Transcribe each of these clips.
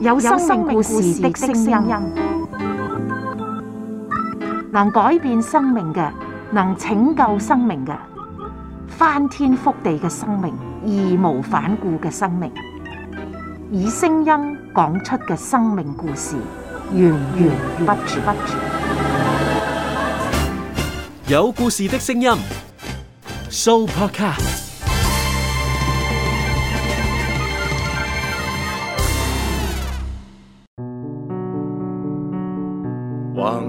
有生命故事的聲音，能改變生命嘅，能拯救生命嘅，翻天覆地嘅生命，義無反顧嘅生命，以聲音講出嘅生命故事，源源不絕。有故事的聲音，Soupercast。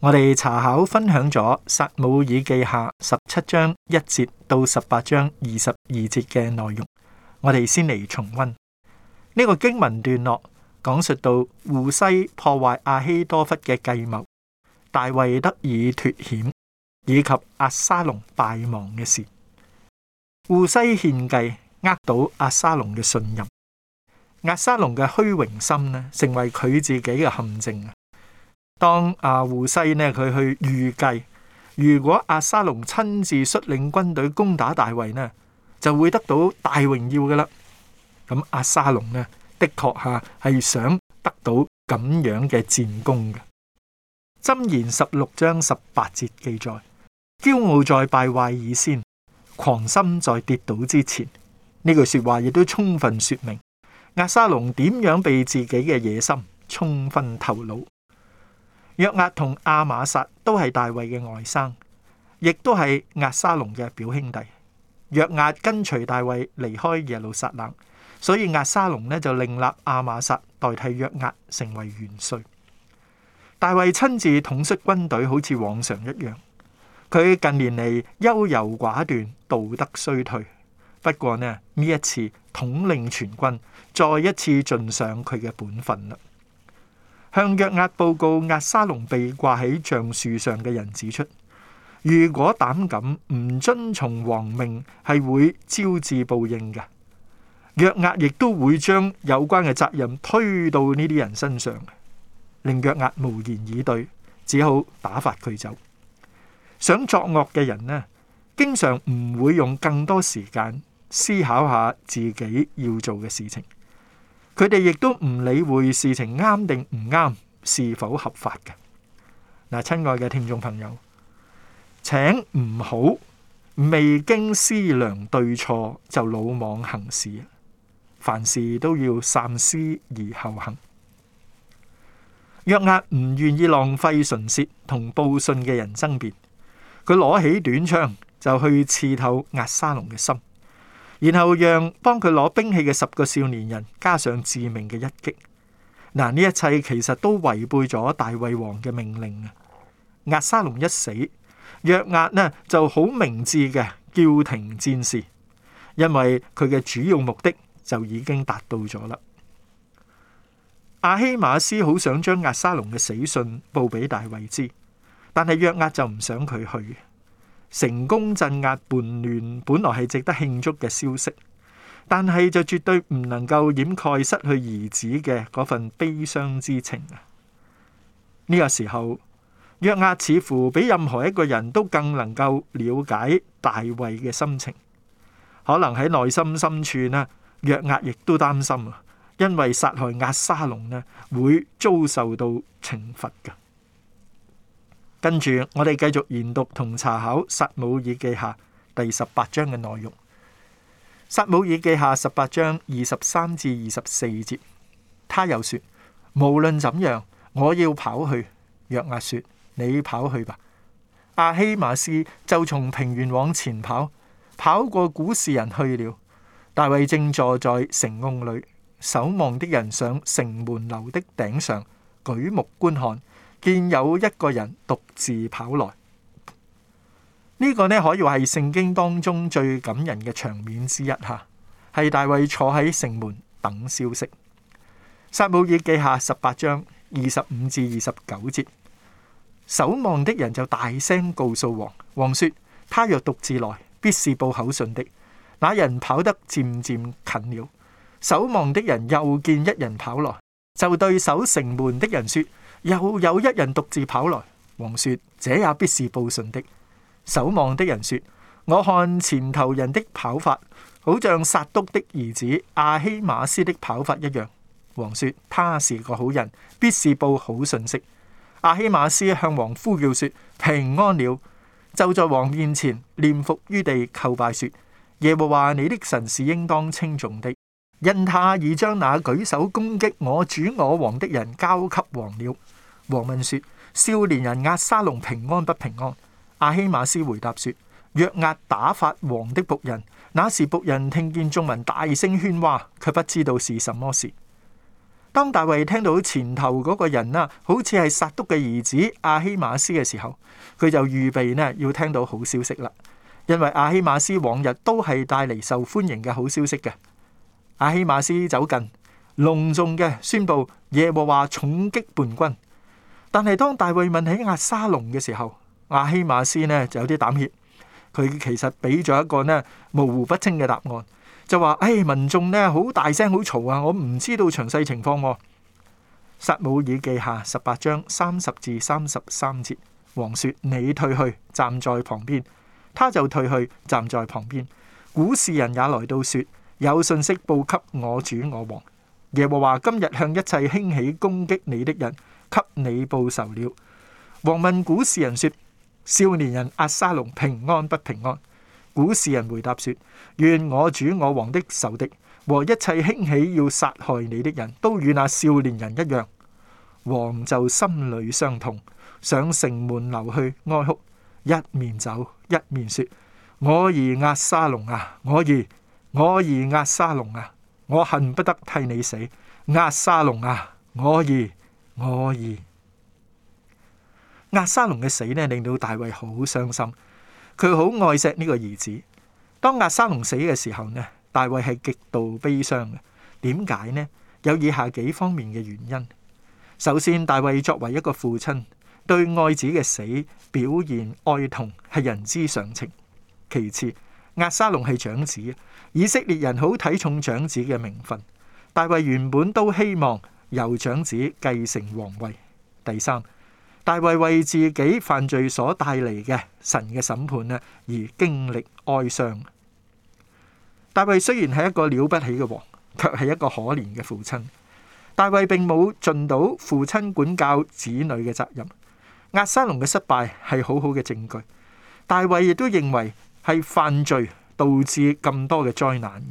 我哋查考分享咗《撒母耳記下》十七章一節到十八章二十二節嘅內容，我哋先嚟重溫呢、這個經文段落，講述到戶西破壞亞希多弗嘅計謀，大衛得以脫險，以及押沙龍敗亡嘅事。戶西獻計，呃到押沙龍嘅信任，押沙龍嘅虛榮心呢，成為佢自己嘅陷阱。當阿、啊、胡西呢，佢去預計，如果阿、啊、沙隆親自率領軍隊攻打大衛呢，就會得到大榮耀噶啦。咁阿、啊、沙隆呢，的確吓係想得到咁樣嘅戰功嘅。箴言十六章十八節記載，驕傲在敗壞以先，狂心在跌倒之前。呢句說話亦都充分說明阿、啊、沙隆點樣被自己嘅野心充分頭腦。約押同亞瑪撒都係大衛嘅外甥，亦都係押沙龍嘅表兄弟。約押跟隨大衛離開耶路撒冷，所以押沙龍呢就另立亞瑪撒代替約押成為元帥。大衛親自統率軍隊，好似往常一樣。佢近年嚟優柔寡斷，道德衰退。不過呢，呢一次統領全軍，再一次盡上佢嘅本分啦。向約押報告押沙龍被掛喺橡樹上嘅人指出，如果膽敢唔遵從王命，係會招致報應嘅。約押亦都會將有關嘅責任推到呢啲人身上，令約押無言以對，只好打發佢走。想作惡嘅人呢，經常唔會用更多時間思考下自己要做嘅事情。佢哋亦都唔理會事情啱定唔啱，是否合法嘅？嗱，親愛嘅聽眾朋友，請唔好未經思量對錯就魯莽行事，凡事都要三思而後行。約押唔願意浪費唇舌同報信嘅人爭辯，佢攞起短槍就去刺透押沙龍嘅心。然後讓幫佢攞兵器嘅十個少年人加上致命嘅一擊。嗱，呢一切其實都違背咗大衛王嘅命令。押沙龍一死，約押呢就好明智嘅叫停戰事，因為佢嘅主要目的就已經達到咗啦。阿希馬斯好想將押沙龍嘅死訊報俾大衛知，但係約押就唔想佢去。成功鎮壓叛亂，本來係值得慶祝嘅消息，但係就絕對唔能夠掩蓋失去兒子嘅嗰份悲傷之情啊！呢、呢個時候，約押似乎比任何一個人都更能夠了解大衛嘅心情。可能喺內心深處呢，約押亦都擔心啊，因為殺害押沙龍呢，會遭受到懲罰嘅。跟住，我哋繼續研讀同查考《撒母耳記下》第十八章嘅內容。《撒母耳記下》十八章二十三至二十四節，他又說：無論怎樣，我要跑去。約押說：你跑去吧。亞希瑪斯就從平原往前跑，跑過古示人去了。大衛正坐在城甕裏，守望的人上城門樓的頂上，舉目觀看。見有一個人獨自跑來，呢、這個咧可以話係聖經當中最感人嘅場面之一吓，係大衛坐喺城門等消息。撒母耳記下十八章二十五至二十九節，守望的人就大聲告訴王，王說：他若獨自來，必是報口信的。那人跑得漸漸近了，守望的人又見一人跑來，就對守城門的人說。又有一人獨自跑來，王說：這也必是報信的。守望的人說：我看前頭人的跑法，好像殺督的兒子阿希馬斯的跑法一樣。王說：他是個好人，必是報好信息。阿希馬斯向王呼叫說：平安了！就在王面前，念服於地叩拜說：耶和華你的神是應當稱重的，因他已將那舉手攻擊我主我王的人交給王了。王問說：少年人押沙龍平安不平安？亞希瑪斯回答說：約押打發王的僕人，那時僕人聽見眾民大聲喧嘩，卻不知道是什麼事。當大衛聽到前頭嗰個人啊，好似係撒督嘅兒子亞希瑪斯嘅時候，佢就預備呢要聽到好消息啦，因為亞希瑪斯往日都係帶嚟受歡迎嘅好消息嘅。亞希瑪斯走近，隆重嘅宣布耶和華重擊叛軍。但係，當大衛問起阿沙龍嘅時候，阿希馬斯呢就有啲膽怯。佢其實俾咗一個呢模糊不清嘅答案，就話：誒、哎，民眾呢好大聲，好嘈啊！我唔知道詳細情況啊。撒母耳記下十八章三十至三十三節，王說：你退去，站在旁邊。他就退去，站在旁邊。古事人也來到，說有信息報給我主我王。耶和華今日向一切興起攻擊你的人。給你報仇了。王問古示人說：少年人押沙龍平安不平安？古示人回答說：願我主我王的仇敵和一切興起要殺害你的人都與那少年人一樣。王就心裏傷痛，上城門樓去哀哭，一面走一面說：我兒押沙龍啊，我兒……我兒押沙龍啊，我恨不得替你死，押沙龍啊，我兒……」我可以。押沙龍嘅死咧，令到大衛好傷心。佢好愛錫呢個兒子。當押沙龍死嘅時候呢，大衛係極度悲傷嘅。點解呢？有以下幾方面嘅原因。首先，大衛作為一個父親，對愛子嘅死表現哀痛，係人之常情。其次，押沙龍係長子，以色列人好睇重長子嘅名分。大衛原本都希望。由長子繼承皇位。第三，大衛為自己犯罪所帶嚟嘅神嘅審判呢而經歷哀傷。大衛雖然係一個了不起嘅王，卻係一個可憐嘅父親。大衛並冇盡到父親管教子女嘅責任。押沙龍嘅失敗係好好嘅證據。大衛亦都認為係犯罪導致咁多嘅災難。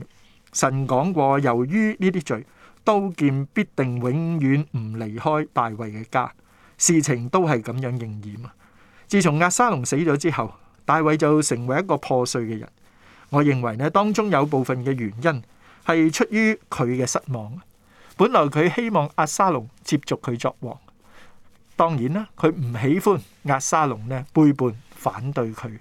神講過，由於呢啲罪。刀劍必定永遠唔離開大衛嘅家，事情都係咁樣應驗啊！自從阿沙龍死咗之後，大衛就成為一個破碎嘅人。我認為咧，當中有部分嘅原因係出於佢嘅失望。本來佢希望阿沙龍接續佢作王，當然啦，佢唔喜歡阿沙龍咧背叛反對佢。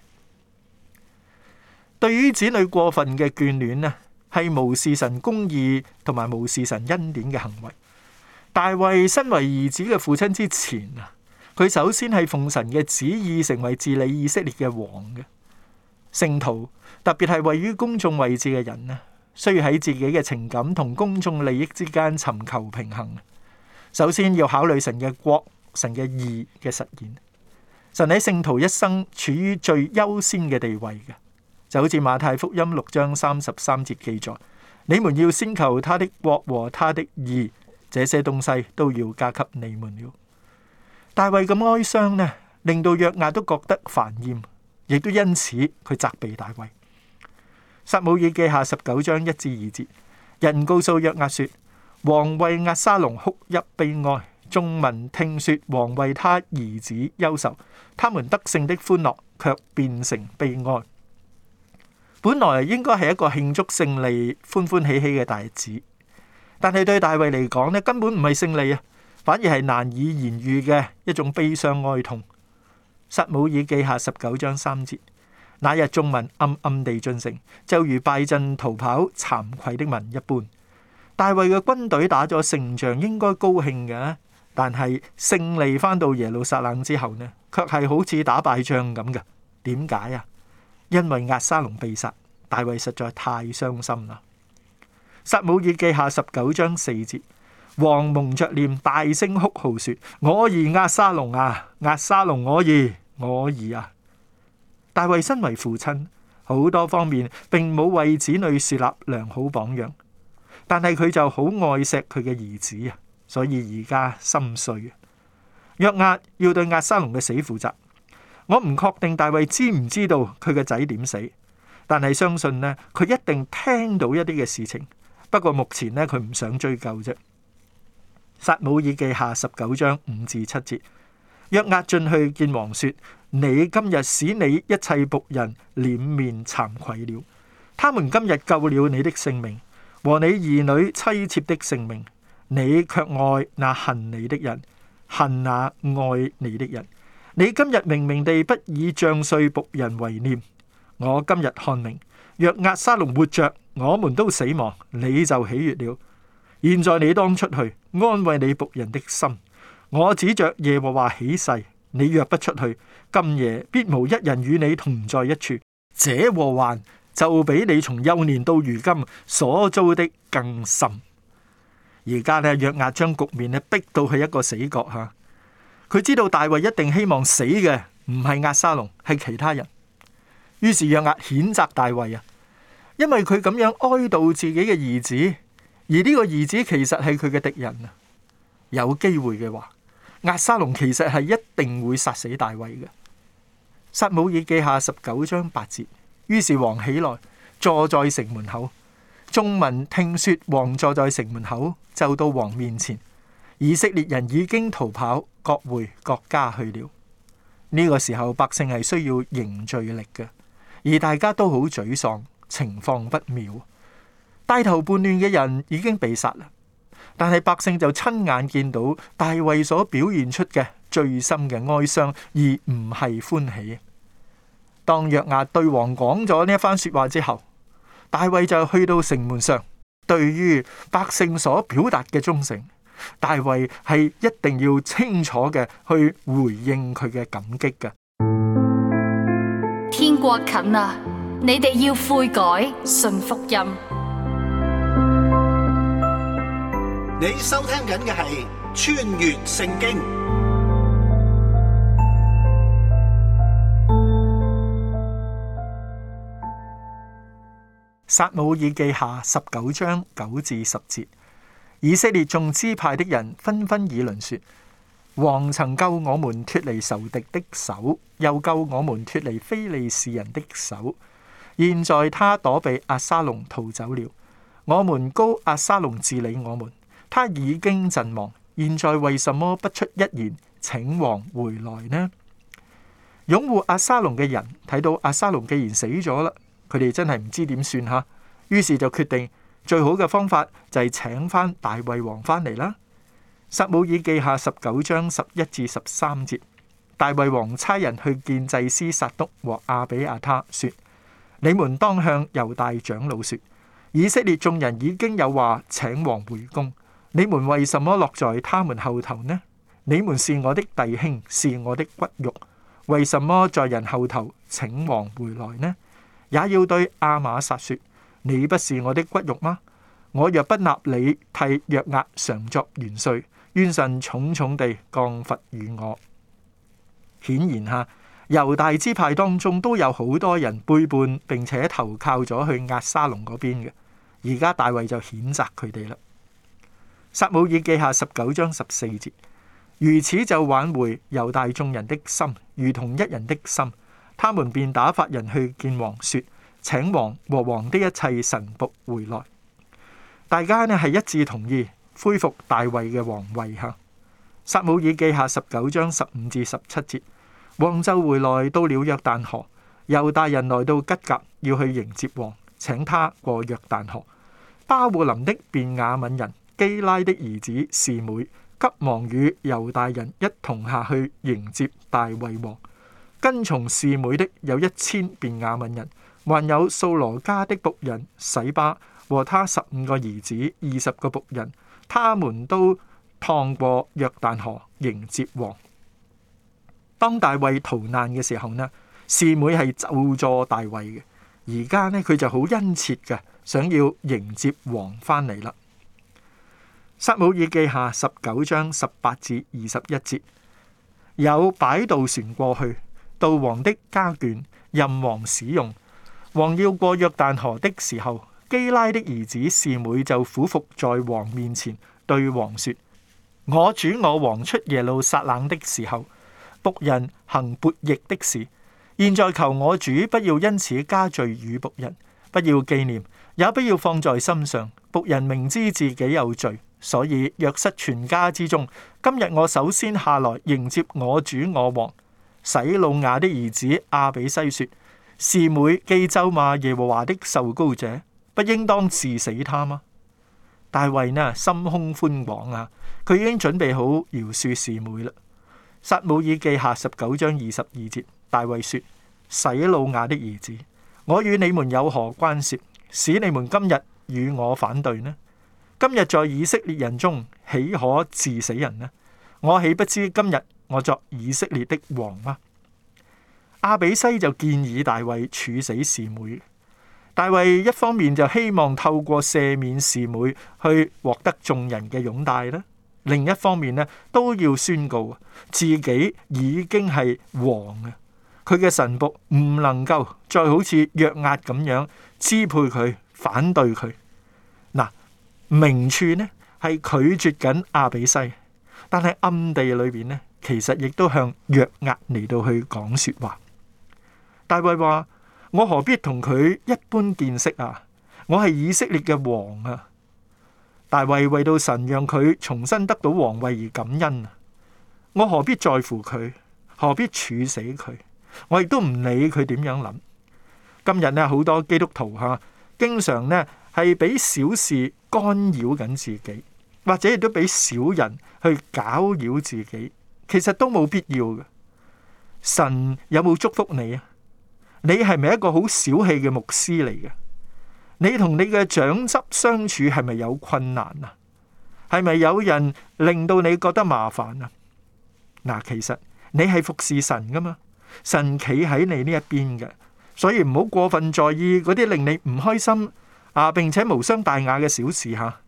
對於子女過分嘅眷戀呢，係無視神公義同埋無視神恩典嘅行為。大衛身為兒子嘅父親之前啊，佢首先係奉神嘅旨意成為治理以色列嘅王嘅聖徒，特別係位於公眾位置嘅人呢，需要喺自己嘅情感同公眾利益之間尋求平衡。首先要考慮神嘅國、神嘅義嘅實現。神喺聖徒一生處於最優先嘅地位嘅。就好似馬太福音六章三十三節記載，你們要先求他的國和他的義，這些東西都要加給你們了。大衛咁哀傷呢，令到約亞都覺得煩厭，亦都因此佢責備大衛。撒母耳記下十九章一至二節，人告訴約亞說，王為押沙龍哭泣悲哀，眾民聽說王為他兒子憂愁，他們得勝的歡樂卻變成悲哀。本來應該係一個慶祝勝利、歡歡喜喜嘅大日子，但係對大衛嚟講咧，根本唔係勝利啊，反而係難以言喻嘅一種悲傷哀痛。撒母耳記下十九章三節，那日眾民暗暗地進城，就如敗陣逃跑、慚愧的民一般。大衛嘅軍隊打咗勝仗，應該高興嘅，但係勝利翻到耶路撒冷之後呢，卻係好似打敗仗咁嘅。點解啊？因為押沙龍被殺，大衛實在太傷心啦。撒母耳記下十九章四節，王蒙着臉大聲哭號說：我兒押沙龍啊，押沙龍我兒，我兒啊！大衛身為父親，好多方面並冇為子女樹立良好榜樣，但係佢就好愛錫佢嘅兒子啊，所以而家心碎啊。約押要對押沙龍嘅死負責。我唔確定大衛知唔知道佢個仔點死，但係相信呢，佢一定聽到一啲嘅事情。不過目前呢，佢唔想追究啫。撒母耳記下十九章五至七節，約押進去見王說：你今日使你一切僕人臉面慚愧了，他們今日救了你的性命和你兒女妻，妻妾的性命，你卻愛那恨你的人，恨那愛你的人。你今日明明地不以將帥僕人為念，我今日看明，若押沙龍活着，我們都死亡，你就喜悅了。現在你當出去安慰你僕人的心。我指着耶和華起誓，你若不出去，今夜必無一人與你同在一處。這禍患就比你從幼年到如今所遭的更甚。而家呢，約押將局面咧逼到去一個死角吓。佢知道大衛一定希望死嘅，唔係押沙龍，係其他人。於是約押譴責大衛啊，因為佢咁樣哀悼自己嘅兒子，而呢個兒子其實係佢嘅敵人啊。有機會嘅話，押沙龍其實係一定會殺死大衛嘅。撒母耳記下十九章八節，於是王起來坐在城門口，眾民聽說王坐在城門口，就到王面前。以色列人已經逃跑。各回各家去了。呢個時候，百姓係需要凝聚力嘅，而大家都好沮喪，情況不妙。帶頭叛亂嘅人已經被殺啦，但係百姓就親眼見到大衛所表現出嘅最深嘅哀傷，而唔係歡喜。當約押對王講咗呢一番說話之後，大衛就去到城門上，對於百姓所表達嘅忠誠。大衛係一定要清楚嘅去回應佢嘅感激嘅。天國近啦，你哋要悔改，信福音。你收聽緊嘅係穿越聖經。撒母耳記下十九章九至十節。以色列眾支派的人紛紛議論說：王曾救我們脫離仇敵的手，又救我們脫離非利士人的手。現在他躲避阿沙龍逃走了，我們膏阿沙龍治理我們，他已經陣亡。現在為什麼不出一言，請王回來呢？擁護阿沙龍嘅人睇到阿沙龍既然死咗啦，佢哋真係唔知點算吓，於是就決定。最好嘅方法就係請翻大衛王返嚟啦。撒母耳記下十九章十一至十三節，大衛王差人去見祭司撒督和亞比亞他，說：你們當向猶大長老說，以色列眾人已經有話請王回宮，你們為什麼落在他們後頭呢？你們是我的弟兄，是我的骨肉，為什麼在人後頭請王回來呢？也要對亞瑪撒說。你不是我的骨肉嗎？我若不立你替約押常作元帥，願神重重地降罰與我。顯然吓猶大支派當中都有好多人背叛，並且投靠咗去押沙龍嗰邊嘅。而家大衛就譴責佢哋啦。撒母耳記下十九章十四節，如此就挽回猶大眾人的心，如同一人的心。他們便打發人去見王說。請王和王的一切臣僕回來。大家呢係一致同意恢復大衛嘅王位下。哈，撒母耳記下十九章十五至十七節，王就回來到了約旦河，猶大人來到吉甲，要去迎接王，請他過約旦河。巴戶林的便雅敏人基拉的兒子示每急忙與猶大人一同下去迎接大衛王，跟從示每的有一千便雅敏人。還有掃羅家的僕人洗巴和他十五個兒子，二十個僕人，他們都趟過約旦河迎接王。當大衛逃難嘅時候呢，侍妹係救助大衛嘅，而家呢佢就好殷切嘅想要迎接王翻嚟啦。撒母耳記下十九章十八至二十一節，有擺渡船過去，渡王的家眷任王使用。王要過約旦河的時候，基拉的兒子示每就俯伏在王面前，對王說：我主我王出耶路撒冷的時候，僕人行悖逆的事，現在求我主不要因此加罪與僕人，不要紀念，也不要放在心上。僕人明知自己有罪，所以約瑟全家之中，今日我首先下來迎接我主我王。洗魯雅的兒子亞比篩說。示每既咒罵耶和華的受膏者，不應當治死他嗎？大衛呢心胸寬廣啊，佢已經準備好饒恕示每啦。撒母耳記下十九章二十二節，大衛說：洗魯雅的兒子，我與你們有何關涉？使你們今日與我反對呢？今日在以色列人中，豈可治死人呢？我豈不知今日我作以色列的王嗎？亞比西就建議大衛處死侍妹，大衛一方面就希望透過赦免侍妹去獲得眾人嘅擁戴咧，另一方面咧都要宣告自己已經係王啊，佢嘅臣僕唔能夠再好似約押咁樣支配佢，反對佢。嗱，明處呢係拒絕緊亞比西，但係暗地裏邊呢，其實亦都向約押嚟到去講說話。大衛話：我何必同佢一般見識啊？我係以色列嘅王啊！大衛為到神讓佢重新得到王位而感恩啊！我何必在乎佢？何必處死佢？我亦都唔理佢點樣諗。今日呢好多基督徒吓、啊，經常呢係俾小事干擾緊自己，或者亦都俾小人去攪擾自己，其實都冇必要嘅。神有冇祝福你啊？你係咪一個好小氣嘅牧師嚟嘅？你同你嘅長執相處係咪有困難啊？係咪有人令到你覺得麻煩啊？嗱，其實你係服侍神噶嘛，神企喺你呢一邊嘅，所以唔好過分在意嗰啲令你唔開心啊，並且無傷大雅嘅小事吓，啊，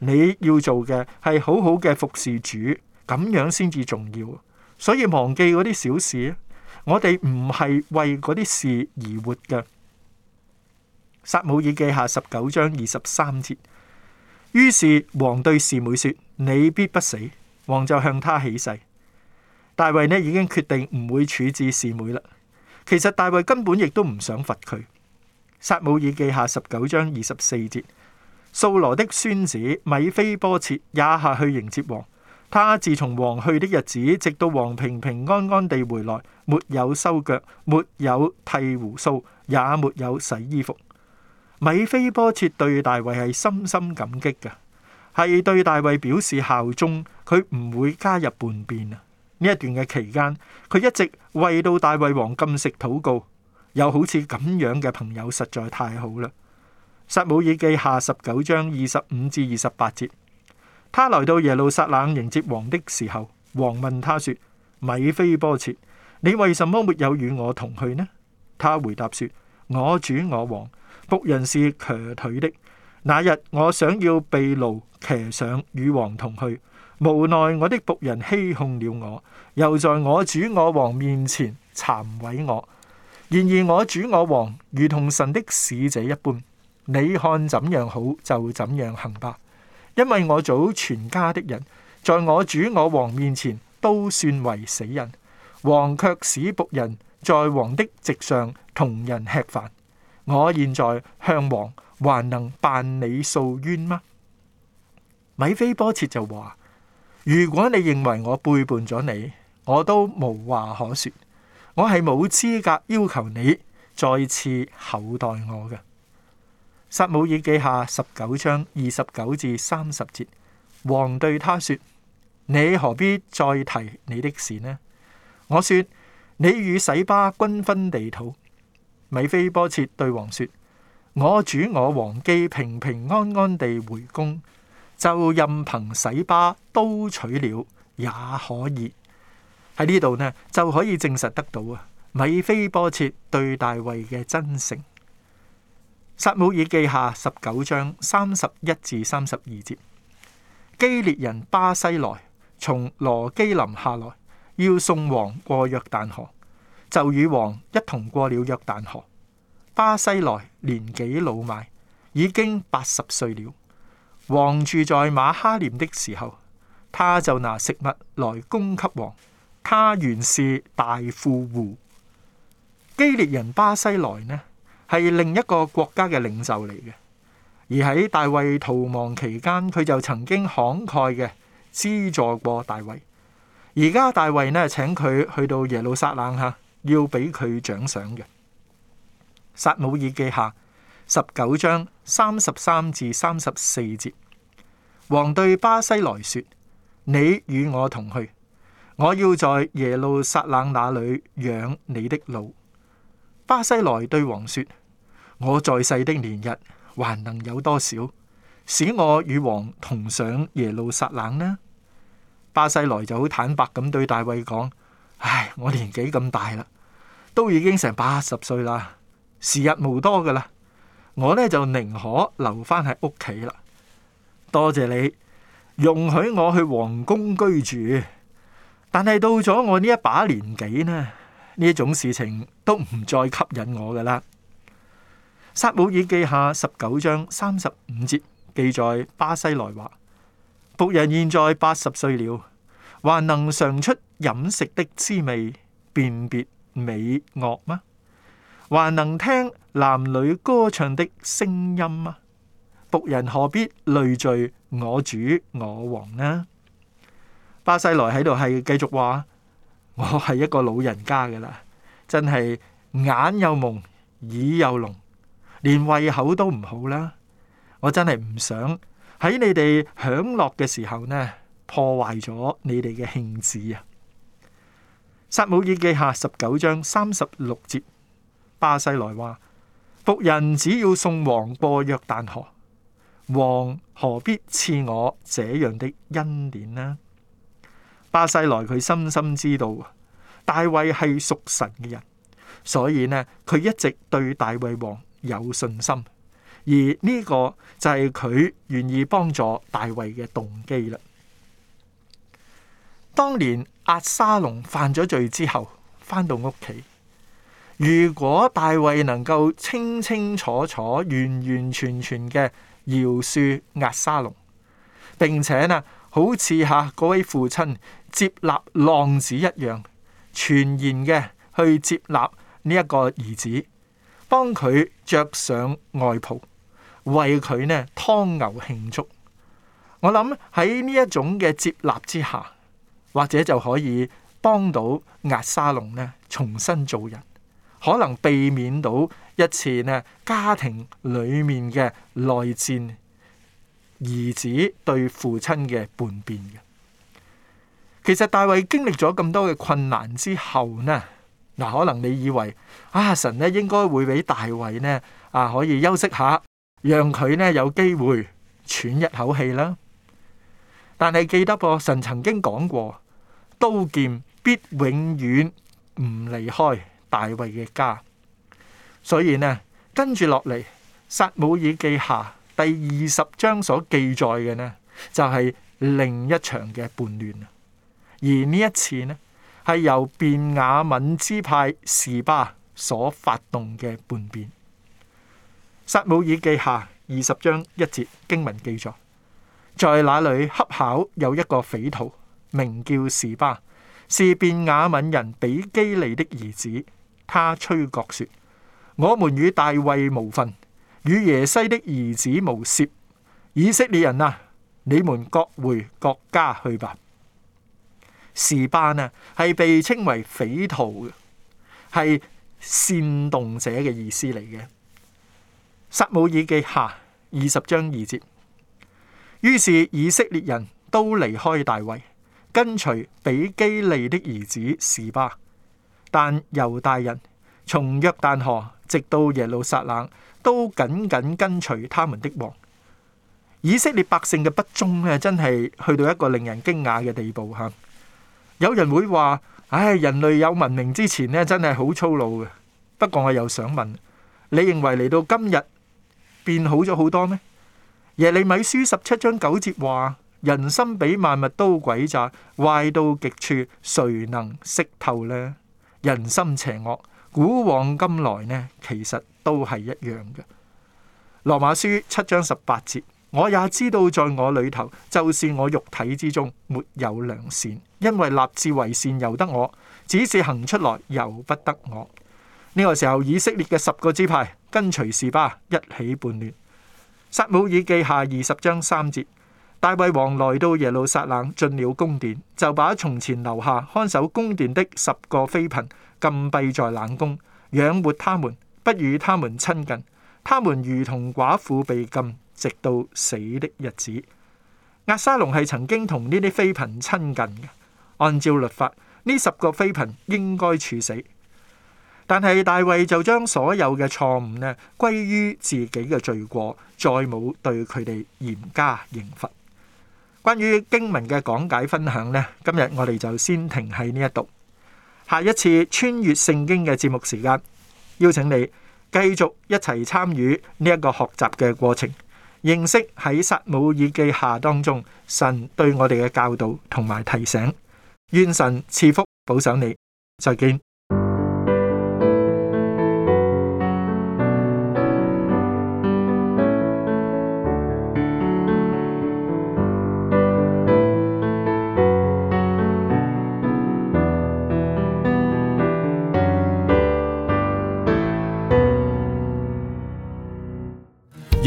你要做嘅係好好嘅服侍主，咁樣先至重要。所以忘記嗰啲小事。我哋唔係為嗰啲事而活嘅。撒母耳記下十九章二十三節。於是王對示每說：你必不死。王就向他起誓。大衛呢已經決定唔會處置示每啦。其實大衛根本亦都唔想罰佢。撒母耳記下十九章二十四節。掃羅的孫子米非波設也下去迎接王。他自從王去的日子，直到王平平安安地回來。沒有收腳，沒有剃鬍鬚，也沒有洗衣服。米菲波切對大衛係深深感激嘅，係對大衛表示效忠，佢唔會加入叛變啊。呢一段嘅期間，佢一直為到大衛王禁食禱告。又好似咁樣嘅朋友實在太好啦！撒母耳記下十九章二十五至二十八節，他來到耶路撒冷迎接王的時候，王問他說：米菲波切。你為什麼沒有與我同去呢？他回答說：我主我王僕人是瘸腿的。那日我想要被奴騎上與王同去，無奈我的僕人欺哄了我，又在我主我王面前殘毀我。然而我主我王如同神的使者一般，你看怎樣好就怎樣行吧，因為我祖全家的人在我主我王面前都算為死人。王卻使僕人在王的席上同人吃飯。我現在向王還能辦理訴冤嗎？米非波設就話：如果你認為我背叛咗你，我都無話可說。我係冇資格要求你再次厚待我嘅。撒母耳記下十九章二十九至三十節，王對他說：你何必再提你的事呢？我說：你與洗巴均分地土。米菲波切對王說：我主我王既平平安安地回宮，就任憑洗巴都取了也可以。喺呢度呢就可以證實得到啊，米菲波切對大衛嘅真誠。撒母耳記下十九章三十一至三十二節：基列人巴西萊從羅基林下來。要送王過約旦河，就與王一同過了約旦河。巴西萊年紀老邁，已經八十歲了。王住在瑪哈念的時候，他就拿食物來供給王。他原是大富戶。基列人巴西萊呢，係另一個國家嘅領袖嚟嘅。而喺大衛逃亡期間，佢就曾經慷慨嘅資助過大衛。而家大衛呢，請佢去到耶路撒冷吓，要俾佢獎賞嘅。撒母耳記下十九章三十三至三十四節，王對巴西來說：，你與我同去，我要在耶路撒冷那裏養你的老。巴西來對王說：，我在世的年日還能有多少，使我與王同上耶路撒冷呢？巴西來就好坦白咁對大衛講：，唉，我年紀咁大啦，都已經成八十歲啦，時日無多噶啦，我呢就寧可留翻喺屋企啦。多謝你容許我去皇宮居住，但係到咗我呢一把年紀呢，呢一種事情都唔再吸引我噶啦。撒母耳記下十九章三十五節記載，巴西來話。僕人現在八十歲了，還能嘗出飲食的滋味，辨別美惡嗎？還能聽男女歌唱的聲音嗎？僕人何必累贅我主我王呢？巴西萊喺度係繼續話：我係一個老人家噶啦，真係眼又蒙，耳又聾，連胃口都唔好啦。我真係唔想。喺你哋享樂嘅時候呢，破壞咗你哋嘅興致啊！撒母耳記下十九章三十六節，巴西萊話：僕人只要送王過約旦河，王何必賜我這樣的恩典呢？巴西萊佢深深知道大衛係屬神嘅人，所以呢，佢一直對大衛王有信心。而呢個就係佢願意幫助大衛嘅動機啦。當年押沙龍犯咗罪之後，翻到屋企，如果大衛能夠清清楚楚、完完全全嘅饒恕押沙龍，並且呢好似吓嗰位父親接納浪子一樣，全然嘅去接納呢一個兒子，幫佢着上外袍。為佢呢劏牛慶祝，我諗喺呢一種嘅接納之下，或者就可以幫到押沙龍呢重新做人，可能避免到一次呢家庭裏面嘅內戰，兒子對父親嘅叛變嘅。其實大衛經歷咗咁多嘅困難之後呢，嗱可能你以為啊神呢應該會俾大衛呢啊可以休息下。讓佢咧有機會喘一口氣啦，但係記得個神曾經講過，刀劍必永遠唔離開大衛嘅家。所以呢，跟住落嚟，撒母耳記下第二十章所記載嘅呢，就係、是、另一場嘅叛亂。而呢一次呢，係由便雅憫支派示巴所發動嘅叛變。撒母耳記下二十章一節經文記載，在那裏恰巧有一個匪徒，名叫示巴，是便雅憫人比基利的兒子。他吹角說：我們與大衛無份，與耶西的兒子無涉。以色列人啊，你們各回各家去吧。示巴呢係被稱為匪徒，係煽動者嘅意思嚟嘅。撒母耳記下二十章二節，於是以色列人都離開大衛，跟隨比基利的兒子示巴。但猶大人從約旦河直到耶路撒冷，都緊緊跟隨他們的王。以色列百姓嘅不忠咧，真係去到一個令人驚訝嘅地步吓。有人會話：唉，人類有文明之前咧，真係好粗魯嘅。不過我又想問，你認為嚟到今日？變好咗好多咩？耶利米書十七章九節話：人心比萬物都詭詐，壞到極處，誰能識透呢？人心邪惡，古往今來呢，其實都係一樣嘅。羅馬書七章十八節，我也知道在我裏頭，就是我肉體之中沒有良善，因為立志為善由得我，只是行出來由不得我。呢個時候，以色列嘅十個支派。跟隨士巴一起叛亂。撒母耳記下二十章三節，大衛王來到耶路撒冷，進了宮殿，就把從前留下看守宮殿的十個妃嬪禁閉在冷宮，養活他們，不與他們親近。他們如同寡婦被禁，直到死的日子。押沙龍係曾經同呢啲妃嬪親近嘅，按照律法，呢十個妃嬪應該處死。但係大衛就將所有嘅錯誤呢歸於自己嘅罪過，再冇對佢哋嚴加刑罰。關於經文嘅講解分享呢，今日我哋就先停喺呢一度。下一次穿越聖經嘅節目時間，邀請你繼續一齊參與呢一個學習嘅過程，認識喺撒母耳記下當中神對我哋嘅教導同埋提醒。願神賜福保守你，再見。